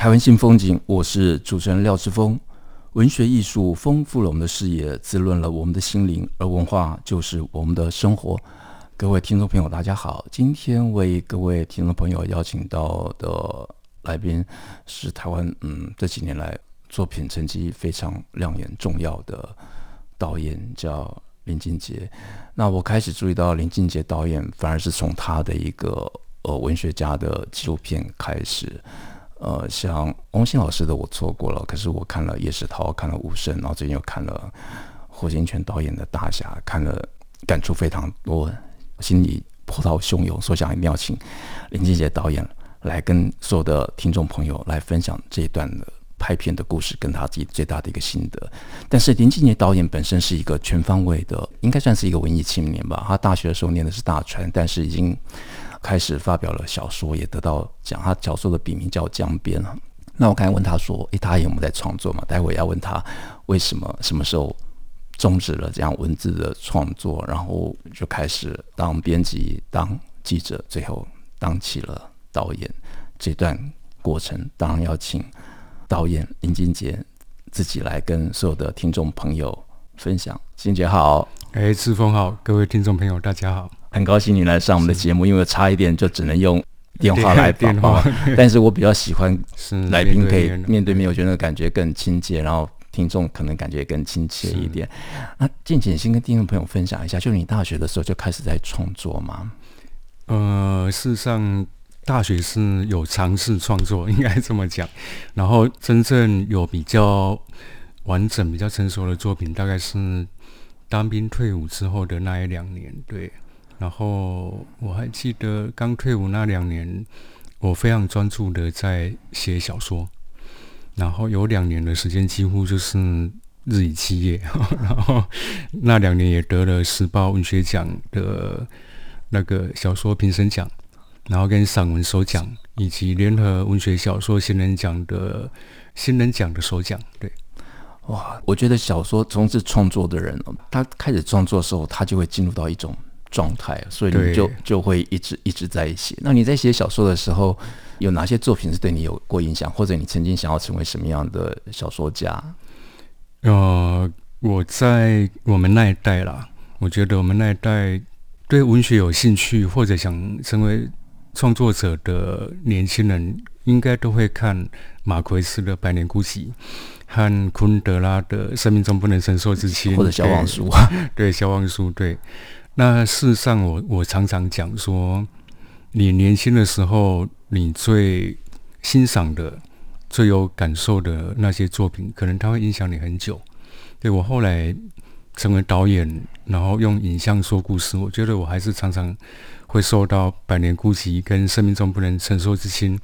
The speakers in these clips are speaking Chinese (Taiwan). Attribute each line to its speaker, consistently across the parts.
Speaker 1: 台灣新風景，我是主持人廖志峰。文學藝術豐富了我們的視野，滋潤了我們的心靈，而文化就是我們的生活。各位聽眾朋友，大家好，今天為各位聽眾朋友邀請到的來賓是台灣，嗯，這幾年來作品成績非常亮眼、重要的導演叫林靖傑。那我開始注意到林靖傑導演，反而是從他的一個呃文學家的紀錄片開始。呃，像翁心老師的我錯過了，可是我看了葉石濤》，看了吳晟，然後最近又看了胡金銓導演的《大俠》，看了感觸非常多，心裡波濤洶湧，所以想一定要請林靖傑導演來跟所有的聽眾朋友來分享這一段的拍片的故事，跟他自己最大的一個心得。但是林靖傑導演本身是一個全方位的，應該算是一個文藝青年吧。他大學的時候念的是大傳，但是已經。開始發表了小說，也得到獎。他小說的筆名叫江邊。那我剛才問他說：“誒、欸，導演，我們在創作嘛？”，待會兒要問他為什麼、什麼時候終止了這樣文字的創作，然後就開始當編輯、當記者，最後當起了導演。這段過程，當然要請導演林靖傑自己來跟所有的聽眾朋友分享。靖傑好，
Speaker 2: 誒、欸，赤峰好，各位聽眾朋友，大家好。很
Speaker 1: 高興你來上我們的節目，是因為差一點就只能用電話來打電話。但是，我比較喜歡來賓可以面對面，我覺得那個感覺更親切，然後聽眾可能感覺更親切一點。那靖是、啊、傑，先跟聽眾朋友分享一下，就你大學的時候就開始在創作嗎？呃，
Speaker 2: 事實上大學是有嘗試創作，應該這麼講。然後真正有比較完整、比較成熟的作品，大概是當兵退伍之後的那一兩年。對。然後我還記得剛退伍那兩年，我非常專注的在寫小說，然後有兩年的時間幾乎就是日以繼夜，然後那兩年也得了時報文學獎的那個小說評審獎，然後跟散文首獎，以及聯合文學小說新人獎的新人獎的首獎。對，
Speaker 1: 哇，我覺得小說從事創作的人，哦，他開始創作的時候，他就會進入到一種。狀態，所以你就對就會一直一直在一起。那你在寫小說的時候，有哪些作品是對你有過影響？或者你曾經想要成為什麼樣的小
Speaker 2: 說家？呃，我在我們那一代啦，我覺得我們那一代對文學有興趣或者想成為創作者的年輕人，應該都會看馬奎斯的《百年孤寂》和昆德拉的《生命中不能承受之輕》，或者小對 《小黃書》。對，《小黃書》對。那事實上我，我我常常講說，你年輕的時候，你最欣賞的、最有感受的那些作品，可能它會影響你很久。對，我後來成為導演，然後用影像說故事，我覺得我還是常常會受到《百年孤寂》跟《生命中不能承受之輕》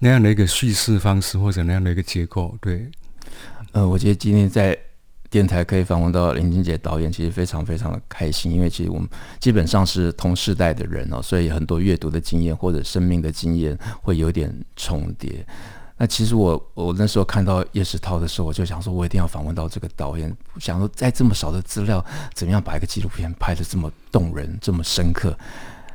Speaker 2: 那樣的一個敘事方式，或者那樣的一個結構。對，呃，我覺得今天在，電臺可以訪問到林靖傑導演，其實非常非常的開
Speaker 1: 心，因為其實我們基本上是同世代的人哦，所以很多閱讀的經驗或者生命的經驗會有點重疊。那其實我我那時候看到葉石濤的時候，我就想說，我一定要訪問到這個導演，想說在這麼少的資料，怎麼樣把一個紀錄片拍得這麼動人、這麼深刻？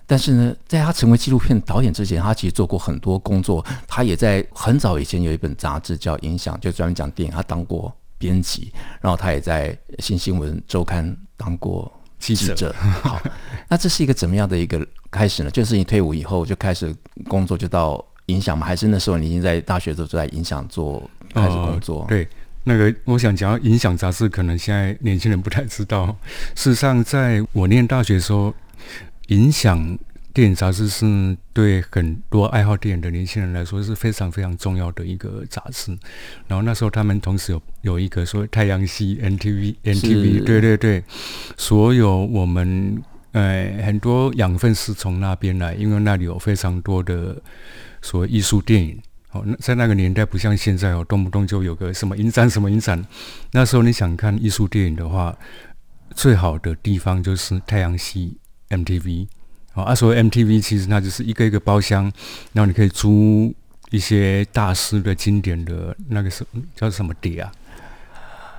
Speaker 1: 但是呢，在他成為紀錄片導演之前，他其實做過很多工作，他也在很早以前有一本雜誌叫《影響》，就專門講電影，他當過。編輯，然後他也在《新新聞周刊》當過記者，記者。 好，那這是一個怎麼樣的一個開始呢？就是你退伍以後就開始工作，就到《影響》嗎？還是那時候你已經在大學的時候就在《影響》做開始工作？哦，對，
Speaker 2: 那個我想講《影響》雜誌，可能現在年輕人不太知道。事實上，在我念大學的時候，《影響》電影雜誌是對很多愛好電影的年輕人來說是非常非常重要的一個雜誌。然後那時候他們同時有。有一個說太陽系 MTV，MTV 是對對對，所有我們呃很多養分是從那邊來，因為那裡有非常多的所謂藝術電影哦，在那個年代不像現在哦，動不動就有個什麼影展什麼影展，那時候你想看藝術電影的話，最好的地方就是太陽系 MTV 啊，啊，所謂 MTV 其實它就是一個一個包廂，然後你可以租一些大師的經典的那個是，叫什麼碟啊。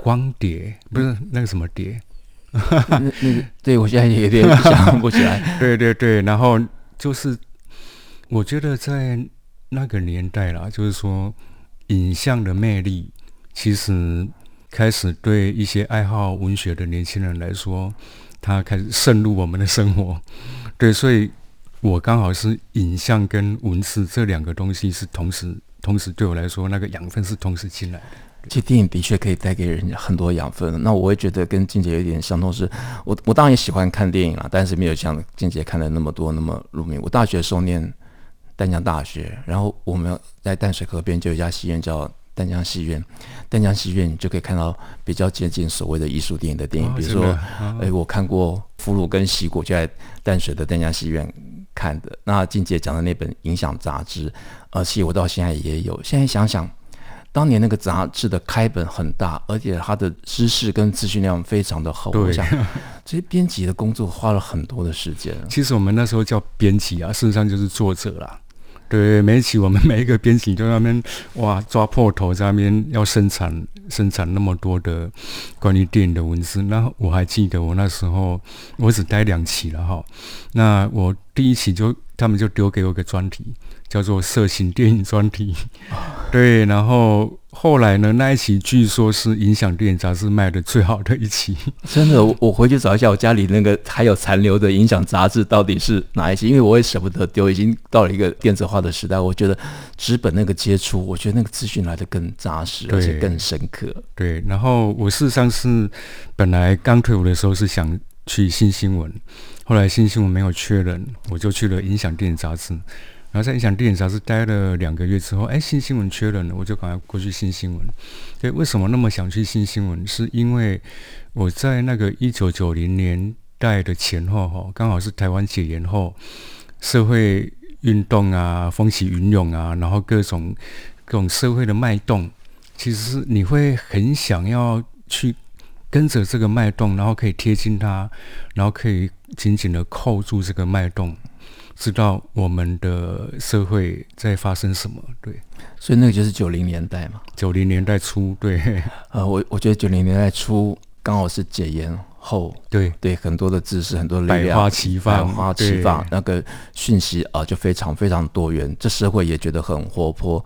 Speaker 2: 光碟不是那個什麼碟， 那，那個，
Speaker 1: 對，我現在也有點想不起來。 對
Speaker 2: 對對，然後就是我覺得在那個年代啦，就是說影像的魅力其實開始對一些愛好文學的年輕人來說，它開始滲入我們的生活。對，所以我剛好是影像跟文字這兩個東西是同時，同時對我來說，那個養分是同時進來的。其實
Speaker 1: 電影的確可以帶給人家很多養分。那我也覺得跟靜姐有點相通，是我我當然也喜歡看電影啦，但是沒有像靜姐看的那麼多那麼入迷。我大學時候念淡江大學，然後我們在淡水河邊就有一家戲院叫淡江戲院，淡江戲院你就可以看到比較接近所謂的藝術電影的電影，比如說哎、哦哦欸，我看過《俘虜》跟《西果》就在淡水的淡江戲院看的。那靜姐講的那本影響雜誌，呃，而且我到現在也有。現在想想。當年那個雜誌的開本很大，而且它的知識跟資訊量非常的好。對，我想，這些編輯的
Speaker 2: 工作花了很多的時間。 其實我們那時候叫編輯啊，事實上就是作者啦。對，每一期我們每一個編輯就在那邊哇抓破頭，在那邊要生產生產那麼多的關於電影的文字。那我還記得我那時候我只待兩期了哈，那我。第一期就他們就丟給我一個專題，叫做色情電影專題，啊、對。然後後來呢，那一期據說是影響電影雜志賣的最好的一期。
Speaker 1: 真的，我我回
Speaker 2: 去找一下我家裡那
Speaker 1: 個還有殘留的《影響》雜志到底是哪一期，因為我也舍不得丟。已經到了一個電子化的時代，我覺得紙本那個接觸，我覺得那個資訊來的更扎實，對而且更深刻。
Speaker 2: 對。然後我事實上是本來剛退伍的時候是想去新新聞。後來新新聞沒有缺人，我就去了影響電影雜誌，然後在影響電影雜誌待了兩個月之後，哎、欸，新新聞缺人了，我就趕快過去新新聞。對，為什麼那麼想去新新聞？是因為我在那個一九九零年代的前後，哈，剛好是台灣解嚴後，社會運動啊，風起雲湧啊，然後各種各種社會的脈動，其實是你會很想要去。跟着這個脈動，然後可以貼近它，然後可以緊緊地扣住這個脈動，知道我們的社會在發生什麼。對，所以那個就是九零年代嘛，九零年代初，對。呃，
Speaker 1: 我我覺得九零年代初剛好是解嚴後，對，對，很多的知識，很多的力量，百花齊放，百花齊放，對那個訊息啊，呃，就非常非常多元，這社會也覺得很活潑。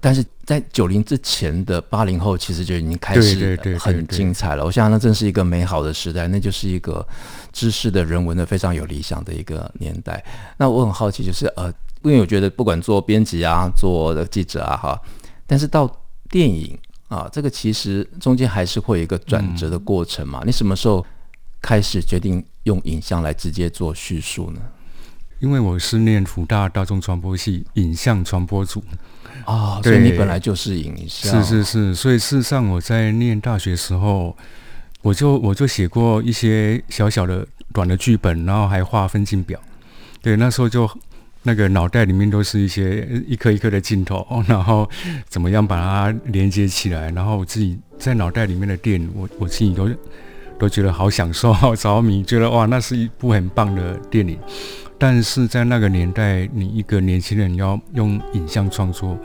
Speaker 1: 但是在九零之前的八零後其實就已經開始很精彩了。我想那正是一個美好的時代，那就是一個知識的、人文的非常有理想的一個年代。那我很好奇，就是呃，因為我覺得不管做編輯啊，做記者啊，哈，但是到電影啊，這個其實中間還是會有一個轉折的過程嘛。你什麼時候開始決定用影像來直接做敘述呢？
Speaker 2: 因為我是念輔大大眾傳播系影像傳播組啊，哦、對所以你本來就是影像，是是是。所以事實上我在念大學時候，我就我就寫過一些小小的短的劇本，然後還畫分鏡表。對，那時候就那個腦袋裡面都是一些一顆一顆的鏡頭，然後怎麼樣把它連接起來，然後我自己在腦袋裡面的電影，我我自己都都覺得好享受、好着迷，覺得哇，那是一部很棒的電影。但是在那個年代，你一個年輕人要用影像創作，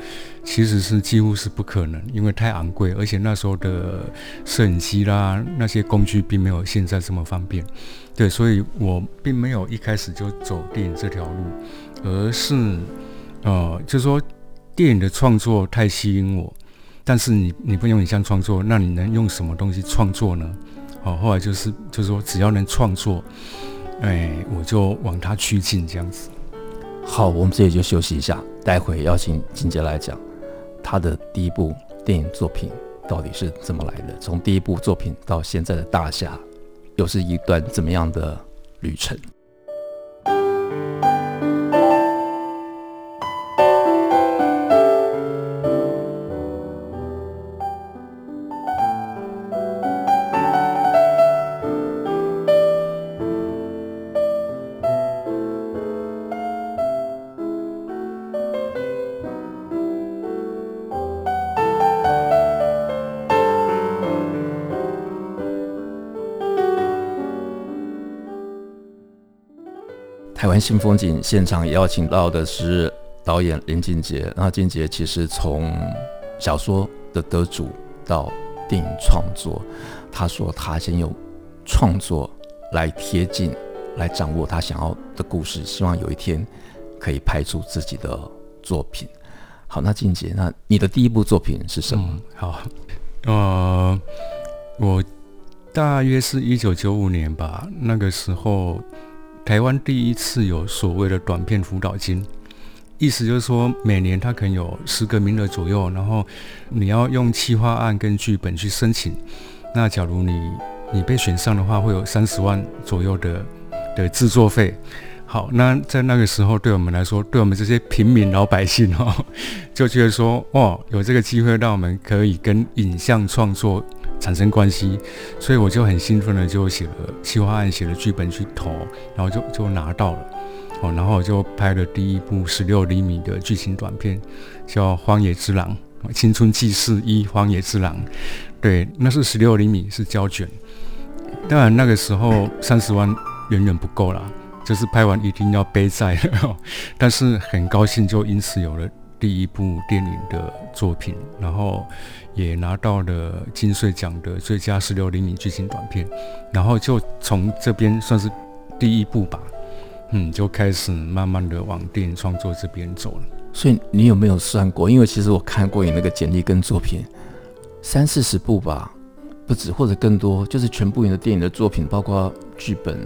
Speaker 2: 其實是幾乎是不可能，因為太昂貴，而且那時候的攝影機啦，那些工具並沒有現在這麼方便。對，所以我並沒有一開始就走電影這條路，而是，呃，就說電影的創作太吸引我。但是你你不用影像創作，那你能用什麼東西創作呢？好、呃，後來就是就是說，只要能創作。哎，我就往他趨近這樣子。
Speaker 1: 好，我們這裡就休息一下，待會邀請靖傑來講，他的第一部電影作品到底是怎麼來的？從第一部作品到現在的大俠，又是一段怎麼樣的旅程？《台灣新風景》現場邀請到的是導演林靖傑。那靖傑其實從小說的得主到電影創作，他說他先用創作來貼近，來掌握他想要的故事，希望有一天可以拍出自己的作品。好，那靖傑，那你的第一部作品是什麼？嗯、
Speaker 2: 好，呃，我大約是一九九五年吧，那個時候。台灣第一次有所謂的短片輔導金，意思就是說，每年它可能有十個名額左右，然後你要用企劃案跟劇本去申請。那假如你你被選上的話，會有三十萬左右的的製作費。好，那在那個時候，對我們來說，對我們這些平民老百姓哦，就覺得說，哇、哦，有這個機會讓我們可以跟影像創作，產生關係，所以我就很興奮的就寫了企劃案，寫了劇本去投，然後就就拿到了，哦，然後我就拍了第一部十六釐米的劇情短片，叫《荒野之狼》，青春記事一《荒野之狼》，對。那是十六釐米是膠卷，當然那個時候三十萬遠遠不夠啦，就是拍完一定要背債，但是很高興就因此有了第一部電影的作品，然後也拿到了金穗獎的最佳十六厘米劇情短片，然後就從這邊算是第一步吧，嗯，就開始慢慢的往電影創作這邊走了。
Speaker 1: 所以你有沒有算過？因為其實我看過你那個簡歷跟作品，三四十部吧，不止或者更多，就是全部你的電影的作品，包括劇本，
Speaker 2: 誒。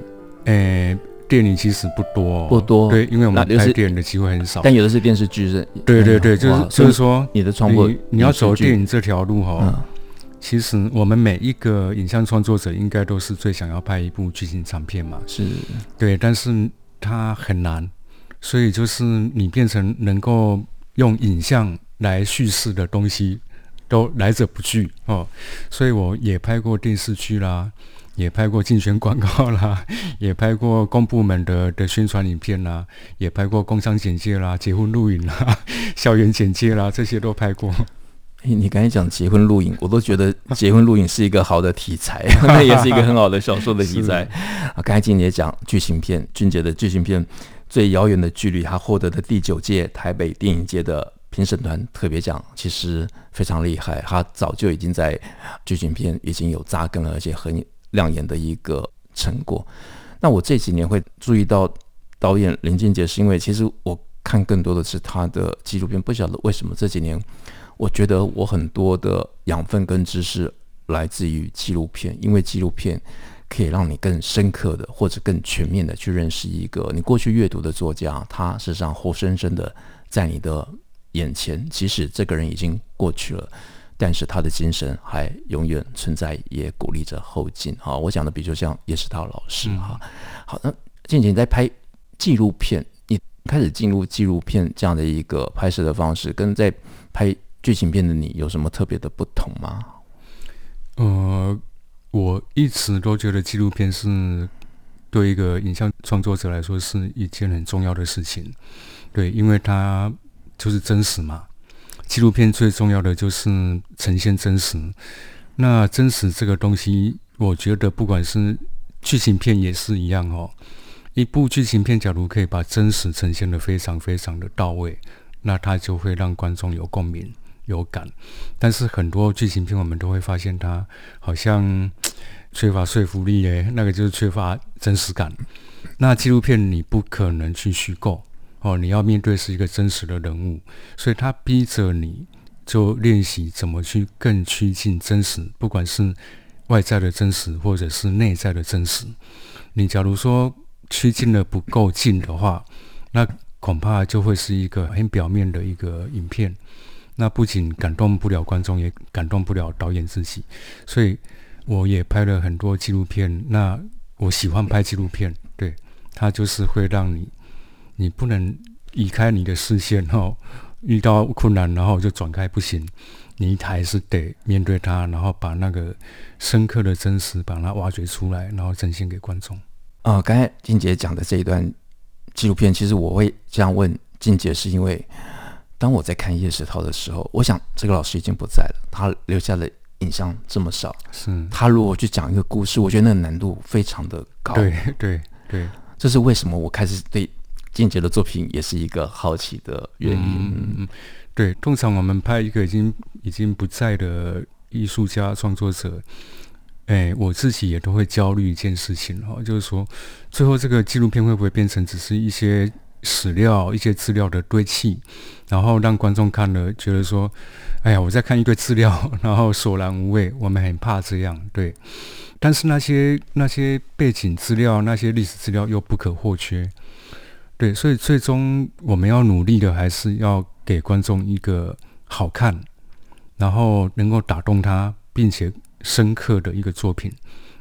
Speaker 2: 欸電影其實不多，哦，不多，哦，對，因為我們拍電影的機會很少。有但有的是電視劇是，對對對，嗯，就是就是說你的創作，你要走電影這條路哈，哦。嗯，其實我們每一個影像創作者，應該都是最想要拍一部劇情長片嘛，是，對。但是它很難，所以就是你變成能夠用影像來敘事的東西，都來者不拒哦。所以我也拍過電視劇啦。也拍過競選廣告啦，也拍過公部門的的宣傳影片啦，也拍過工商簡介啦、結婚錄影啦、校園簡介啦，這些都拍過。欸，
Speaker 1: 你剛才講結婚錄影，我都覺得結婚錄影是一個好的題材， 那也是一個很好的小說的題材。 的啊，剛才俊杰講劇情片，俊杰的劇情片《最遙遠的距離》，他獲得的第九屆台北電影節的評審團特別獎，其實非常厲害。他早就已經在劇情片已經有扎根了，而且很。亮眼的一個成果。那我這幾年會注意到導演林靖傑，是因為其實我看更多的是他的紀錄片。不曉得為什麼這幾年，我覺得我很多的養分跟知識來自於紀錄片，因為紀錄片可以讓你更深刻的或者更全面的去認識一個你過去閱讀的作家。他事實上活生生的在你的眼前，其實這個人已經過去了。但是他的精神還永遠存在，也鼓勵着後進啊！我講的，比如說像葉石濤老師啊。嗯、好，那靖傑在拍紀錄片，你開始進入紀錄片這樣的一個拍攝的方式，跟在拍劇情片的你有什麼特別的不同嗎？
Speaker 2: 呃，我一直都覺得紀錄片是對一個影像創作者來說是一件很重要的事情，對，因為它就是真實嘛。紀錄片最重要的就是呈現真實，那真實這個東西，我覺得不管是劇情片也是一樣哦，一部劇情片，假如可以把真實呈現的非常非常的到位，那它就會讓觀眾有共鳴、有感。但是很多劇情片，我們都會發現它好像缺乏說服力哎、欸，那個就是缺乏真實感。那紀錄片你不可能去虛構。哦，你要面對是一個真實的人物，所以他逼着你就練習怎麼去更趨近真實，不管是外在的真實，或者是內在的真實。你假如說趨近了不夠近的話，那恐怕就會是一個很表面的一個影片。那不僅感動不了觀眾，也感動不了導演自己。所以我也拍了很多紀錄片。那我喜歡拍紀錄片，對，它就是會讓你。你不能移開你的視線，然後遇到困難，然後就轉開不行。你還是得面對它，然後把那個深刻的真實把它挖掘出來，然後呈現給觀眾。啊、呃，剛
Speaker 1: 才靜姐講的這一段紀錄片，其實我會這樣問靜姐，是因為當我在看葉石濤的時候，我想這個老師已經不在了，他留下的影像這麼少，是。他如果去講一個故事，我覺得那個難度非常的高。對對對，
Speaker 2: 對對這是為什麼？我開始對。間接的作品也是一個好奇的原因，嗯。對，通常我們拍一個已經已經不在的藝術家創作者，哎、欸，我自己也都會焦慮一件事情，然後，就是說，最後這個紀錄片會不會變成只是一些史料、一些資料的堆砌，然後讓觀眾看了覺得說：“哎呀，我在看一堆資料，然後索然無味。”我們很怕這樣。對，但是那些那些背景資料、那些歷史資料又不可或缺。對，所以最終我們要努力的，還是要給觀眾一個好看，然後能夠打動他並且深刻的一個作品。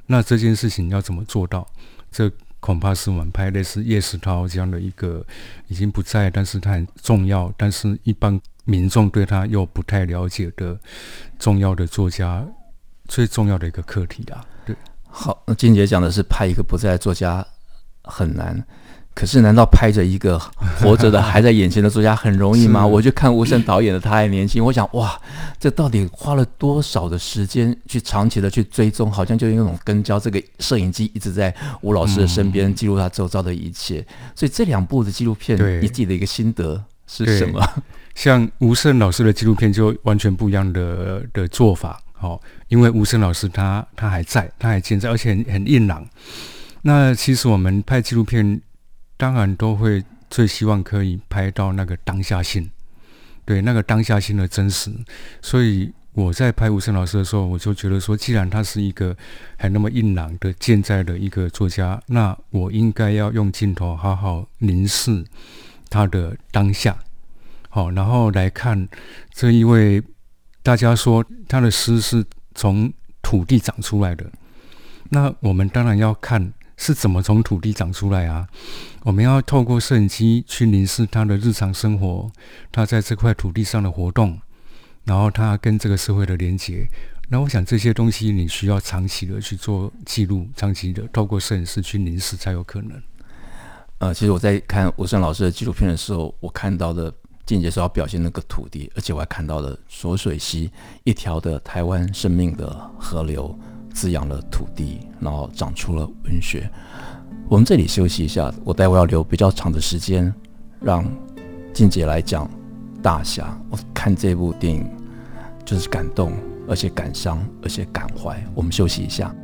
Speaker 2: 那這件事情要怎麼做到？這恐怕是我們拍類似葉石濤這樣的一個已經不在，但是他很重要，但是一般民眾對他又不太了解的重要的作家，最重要的一個課題啦、啊。對，
Speaker 1: 好，靖傑講的是拍一個不在作家很難。可是，難道拍着一個活着的，還在眼前的作家很容易嗎？ 是我就看吳晟導演的，他還年輕，我想，哇，這到底花了多少的時間去長期的去追蹤？好像就用那種跟焦，這個攝影機一直在吳老師的身邊
Speaker 2: 記錄他周遭的一切。嗯、所以這兩部的紀錄片，你自己的一個心得是什麼？像吳晟老師的紀錄片就完全不一樣的的做法，好，哦，因為吳晟老師他他還在，他還健在，而且很，很硬朗。那其實我們拍紀錄片。當然都會最希望可以拍到那個當下性，對那個當下性的真實。所以我在拍吳晟老師的時候，我就覺得說，既然他是一個還那麼硬朗的健在的一個作家，那我應該要用鏡頭好好凝視他的當下。好，然後來看這一位，大家說他的詩是從土地長出來的，那我們當然要看。是怎麼從土地長出來啊？我們要透過攝影機去凝視他的日常生活，他在這塊土地上的活動，然後他跟這個社會的連接。那我想這些東西你需要長期的去做記錄，長期的透過攝影師去凝視才有可能。
Speaker 1: 呃，其實我在看吳勝老師的紀錄片的時候，我看到的間接是要表現那個土地，而且我還看到了濁水溪一條的台灣生命的河流。滋養了土地，然後長出了文學。我們這裡休息一下，我待會兒要留比較長的時間，讓靖傑來講《大俠》。我看這部電影就是感動，而且感傷，而且感懷。我們休息一下。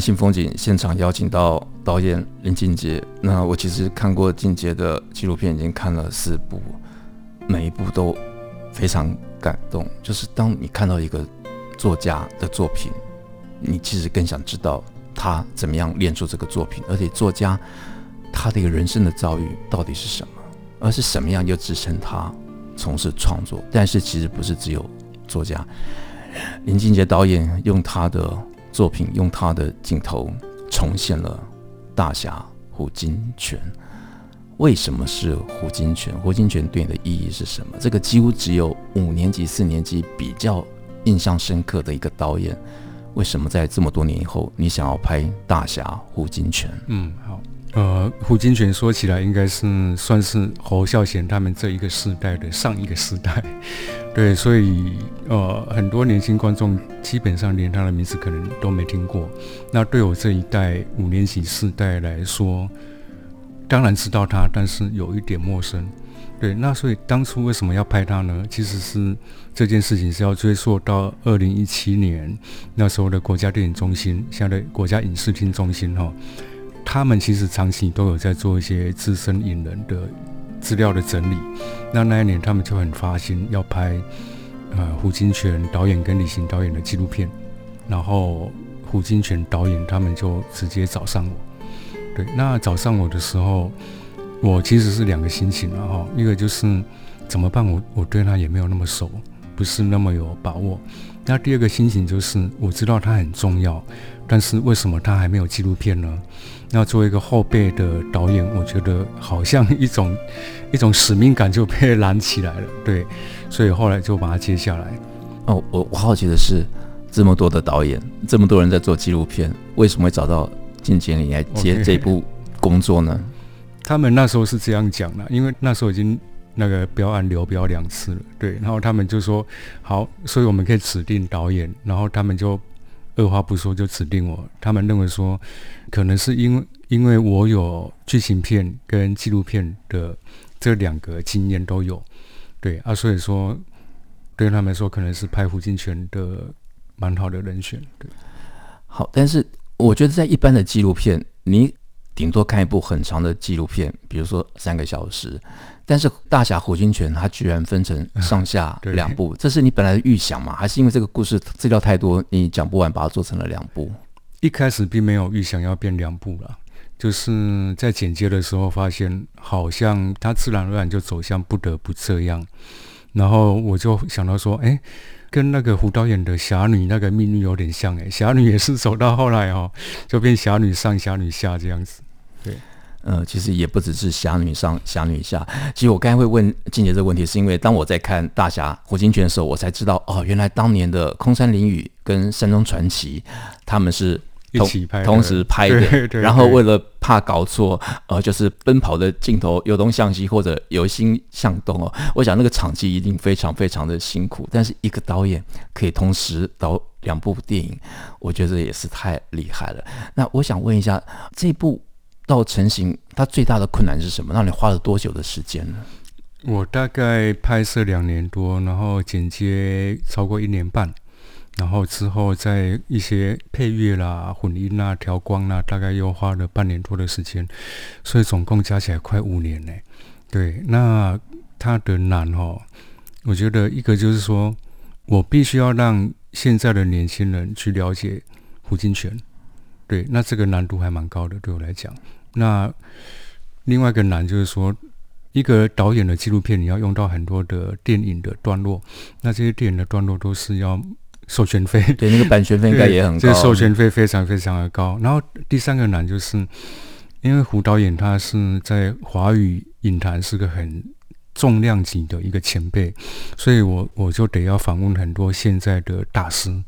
Speaker 1: 新風景現場邀請到導演林靖傑。那我其實看過靖傑的紀錄片，已經看了四部，每一部都非常感動。就是當你看到一個作家的作品，你其實更想知道他怎麼樣練出這個作品，而且作家他的一個人生的遭遇到底是什麼，而是什麼樣又支撐他從事創作？但是其實不是只有作家，林靖傑導演用他的。作品用他的鏡頭重現了大俠胡金銓。為什麼是胡金銓？胡金銓對你的意義是什麼？這個幾乎只有五年級、四年級比較印象深刻的一個導演，為什麼在這麼多年以後，你想要拍大俠胡金銓？
Speaker 2: 嗯，好。呃，胡金銓說起來，應該是算是侯孝賢他們這一個時代的上一個時代，對，所以呃，很多年輕觀眾基本上連他的名字可能都沒聽過。那對我這一代五年級世代來說，當然知道他，但是有一點陌生。對，那所以當初為什麼要拍他呢？其實是這件事情是要追溯到二零一七年那時候的國家電影中心，現在國家影視廳中心哈。他們其實長期都有在做一些資深影人的資料的整理，那那一年他們就很發心要拍呃胡金銓導演跟李行導演的紀錄片，然後胡金銓導演他們就直接找上我，對，那找上我的時候，我其實是兩個心情了、啊、哈，一個就是怎麼辦，我我對他也沒有那麼熟，不是那麼有把握，那第二個心情就是我知道他很重要，但是為什麼他還沒有紀錄片呢？那作為一個後輩的導演，我覺得好像一種一種使命感就被燃起來了，對，所以後來就把它接下來。哦，我我好奇的是，這麼多的導演，
Speaker 1: 這麼多人在做紀錄片，為什麼會找到靖傑你來接這一部工作呢？Okay,
Speaker 2: 他們那時候是這樣講的，因為那時候已經那個標案流標兩次了，對，然後他們就說好，所以我們可以指定導演，然後他們就。二話不說就指定我，他們認為說，可能是因為因為我有劇情片跟紀錄片的這兩個經驗都有，對啊，所以說對他們來說可能是拍胡金铨的蠻好的人選，對。
Speaker 1: 好，但是我覺得在一般的紀錄片，你頂多看一部很長的紀錄片，比如說三個小時。但是大俠胡金銓他居然分成上下兩部，嗯、這是你本來的預想嗎？還是因為這個故事資料太多，你講不完，把它做成
Speaker 2: 了兩部？一開始並沒有預想要變兩部了，就是在剪接的時候發現，好像它自然而然就走向不得不這樣，然後我就想到說，哎，跟那個胡導演的俠女那個命運有點像、欸，哎，俠女也是走到後來哦，就變俠女上，俠女下這樣子，對。嗯、呃，其
Speaker 1: 實也不只是俠女上，俠女下。其實我剛才會問靜姐這個問題，是因為當我在看大俠胡金銓的時候，我才知道哦，原來當年的《空山靈雨》跟《山中傳奇》，他們是同一起拍同時拍的。對對對，然後為了怕搞錯，呃，就是奔跑的鏡頭由東向西或者由西向東哦，我想那個場記一定非常非常的辛苦。但是一個導演可以同時導兩部電影，我
Speaker 2: 覺得也是太厲害了。那
Speaker 1: 我想問一下這部。到成型，它最大的困難是什麼？讓你花了多久的時間呢？
Speaker 2: 我大概拍攝兩年多，然後剪接超過一年半，然後之後在一些配樂啦、混音啦、調光啦，大概又花了半年多的時間，所以總共加起來快五年呢。對，那它的難哦，我覺得一個就是說我必須要讓現在的年輕人去了解胡金銓。對，那這個難度還蠻高的，對我來講。那另外一個難就是說，一個導演的紀錄片，你要用到很多的電影的段落，那這些電影的段落都是要授權費，對，那個版權費應該也很高， 這個、授權費非常非常的高。 然後第三個難就是，因為胡導演他是在華語影壇是個很重量級的一個前輩，所以我我就得要訪問很多現在的大師。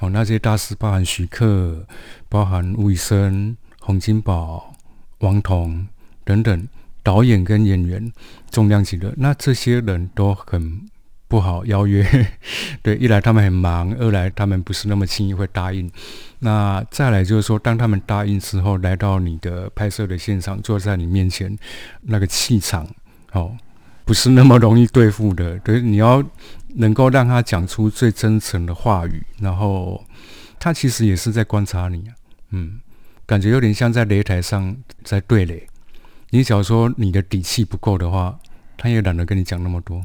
Speaker 2: 哦，那些大師包含徐克、包含吳宇森、洪金寶、王童等等導演跟演員重量級的，那這些人都很不好邀約。 對，一來他們很忙，二來他們不是那麼輕易會答應。那再來就是說，當他們答應之後，來到你的拍攝的現場，坐在你面前，那個氣場，哦。不是那麼容易對付的，對，你要能夠讓他講出最真誠的話語，然後他其實也是在觀察你啊，嗯，感覺有點像在擂台上在對壘。你假如說你的底氣不夠的話，他也懶得跟你講那麼多。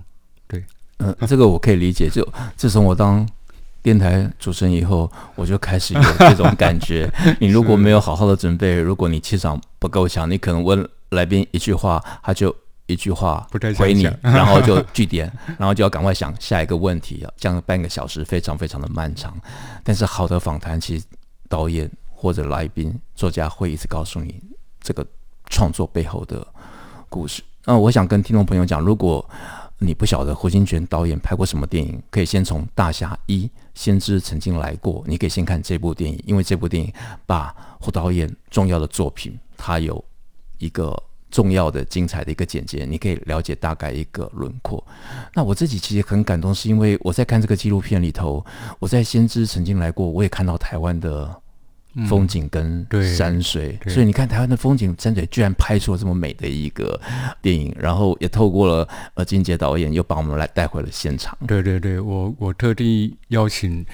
Speaker 2: 對，嗯、呃，這個我可以理解。就自從我當電台主持人以後，我就開始有這種
Speaker 1: 感覺。 你如果沒有好好的準備，如果你氣場不夠強，你可能問來賓一句話，他就。一句話回你，然後就句點， 然後就要趕快想下一個問題。這樣半個小時非常非常的漫長，但是好的訪談，其實導演或者來賓、作家會一直告訴你這個創作背後的故事。那我想跟聽眾朋友講，如果你不曉得胡金銓導演拍過什麼電影，可以先從《大俠一：先知曾經來過》，你可以先看這部電影，因為這部電影把胡導演重要的作品，他有一個。重要的、精彩的一個簡介，你可以了解大概一個輪廓。那我自己其實很感動，是因為我在看這個紀錄片裡頭，我在先知曾經來過，我也看到台灣的風景跟山水，嗯、對對，所以你看台灣的風景山水居然拍出了這麼美的一個電影，然後也透過了呃靖傑導演又把我們來帶回了
Speaker 2: 現場。對對對，我我特地邀請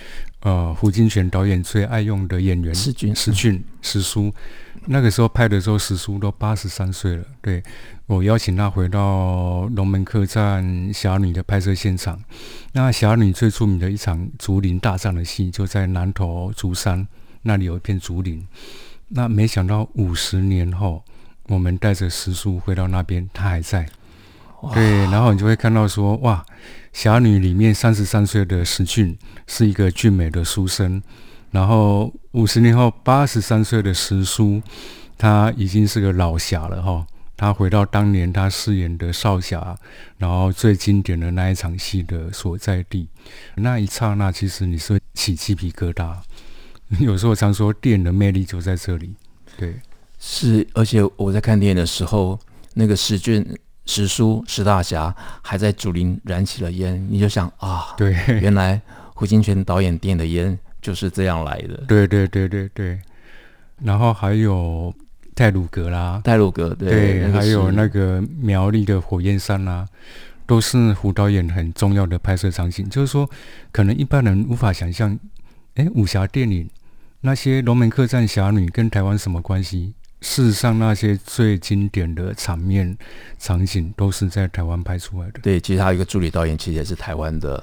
Speaker 2: 呃胡金銓導演最愛用的演員石雋、石雋、石書。那個時候拍的時候，石雋都八十三歲了。對，我邀請他回到《龍門客棧》《俠女》的拍攝現場，那《俠女》最出名的一場竹林大戰的戲，就在南投竹山那裡有一片竹林。那沒想到五十年後，我們帶着石雋回到那邊，他還在。對，然後你就會看到說，哇，《俠女》裡面三十三歲的石雋是一個俊美的書生。然後五十年後，八十三歲的石叔，他已經是個老俠了哈、哦。他回到當年他飾演的少俠，然後最經典的那一場戲的所在地，那一剎那，其實你是起雞皮疙瘩。有時候常說電影的魅力就在這裡，對，是。而且我在看電影的時
Speaker 1: 候，那個石雋、石叔、石大俠還在竹林燃起了煙，你就想啊，對，原來胡金铨導演電影的煙，就是這樣來的，
Speaker 2: 對對對對對。然後還有太魯閣啦，太魯閣、啊、對，對還有那個苗栗的火焰山啦、啊，嗯、都是胡導演很重要的拍攝場景。嗯、就是說，可能一般人無法想象，哎、欸，武俠電影那些《龍門客棧》《俠女》跟台灣什麼關係？事實上，那些最經典的場面場景都是在台灣拍出來
Speaker 1: 的。對，其實他有一個助理導演，其實也是台灣的。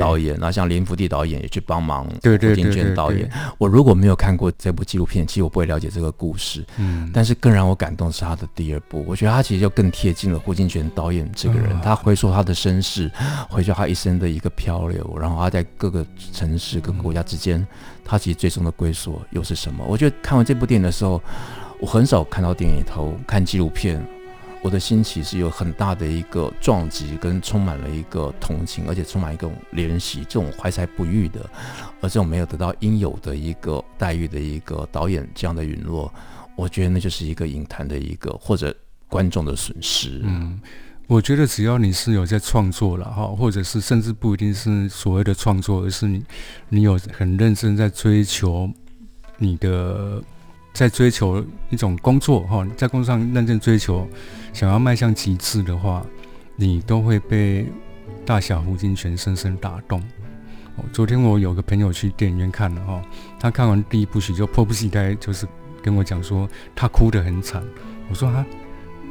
Speaker 1: 導演，那像林福地導演也去幫忙。對對，對對對對。胡金銓導演，我如果沒有看過這部紀錄片，其實我不會了解這個故事。嗯。但是更讓我感動是他的第二部，我覺得他其實就更貼近了胡金銓導演這個人。嗯、他回說他的身世，回說他一生的一個漂流，然後他在各個城市跟國家之間，嗯、他其實最終的歸宿又是什麼？我覺得看完這部電影的時候，我很少看到電影裡頭看紀錄片。我的心情是有很大的一個撞擊，跟充滿了一個同情，而且充滿一種憐惜，這種懷才不遇的，而這種沒有得到應有的一個待遇的一個導演這樣的隕落，我覺得那就是一個影壇的一個，或者
Speaker 2: 觀眾的損失。嗯，我覺得只要你是有在創作了哈，或者是甚至不一定是所謂的創作，而是你你有很認真在追求你的在追求一種工作哈，在工作上認真追求，想要邁向極致的話，你都會被大俠胡金銓深深打動。哦，昨天我有個朋友去電影院看了哈，他看完第一部曲就迫不及待，就是跟我講說他哭得很慘。我說啊，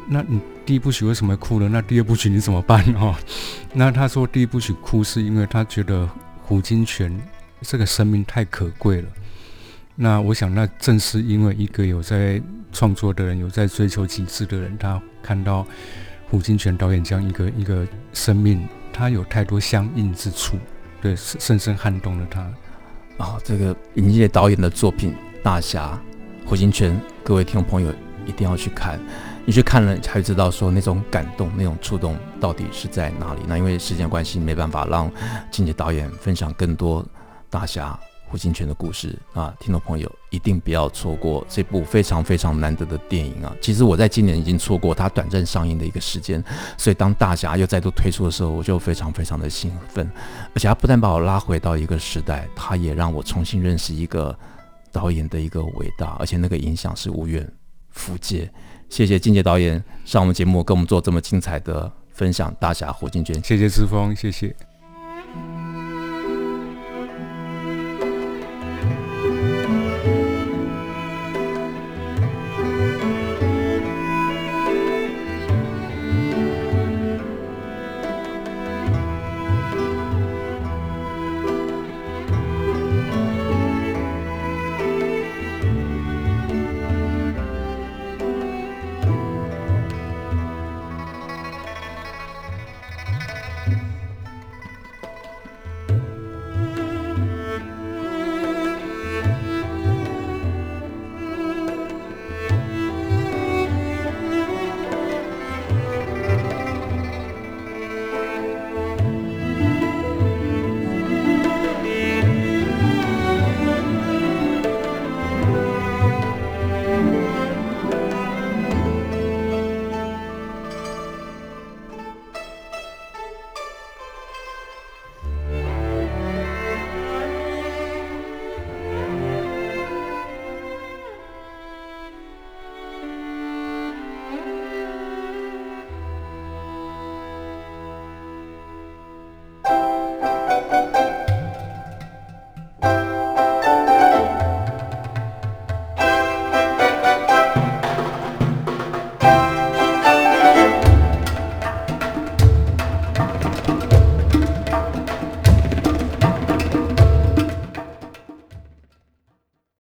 Speaker 2: 那你第一部曲為什麼哭了？那第二部曲你怎麼辦哈。那他說第一部曲哭是因為他覺得胡金銓這個生命太可貴了。那我想，那正是因為一個有在創作的人，有在追求極致的人，他看到胡金銓導演這樣一個一個生命，他有太多相應之處，對，深深撼動了他。
Speaker 1: 啊、哦，這個靖傑導演的作品《大俠》胡金銓，各位聽眾朋友一定要去看，你去看了才知道說那種感動、那種觸動到底是在哪裡。那因為時間關係，沒辦法讓靖傑導演分享更多《大俠》。胡金銓的故事啊，聽眾朋友一定不要錯過這部非常非常難得的電影啊！其實我在今年已經錯過它短暫上映的一個時間，所以當大俠又再度推出的時候，我就非常非常的興奮。而且他不但把我拉回到一個時代，他也讓我重新認識一個導演的一個偉大，而且那個影響是無遠弗屆。謝謝靖傑導演上我們節目跟我們做這麼精彩的分享，大俠胡金銓，謝謝志峰，謝謝。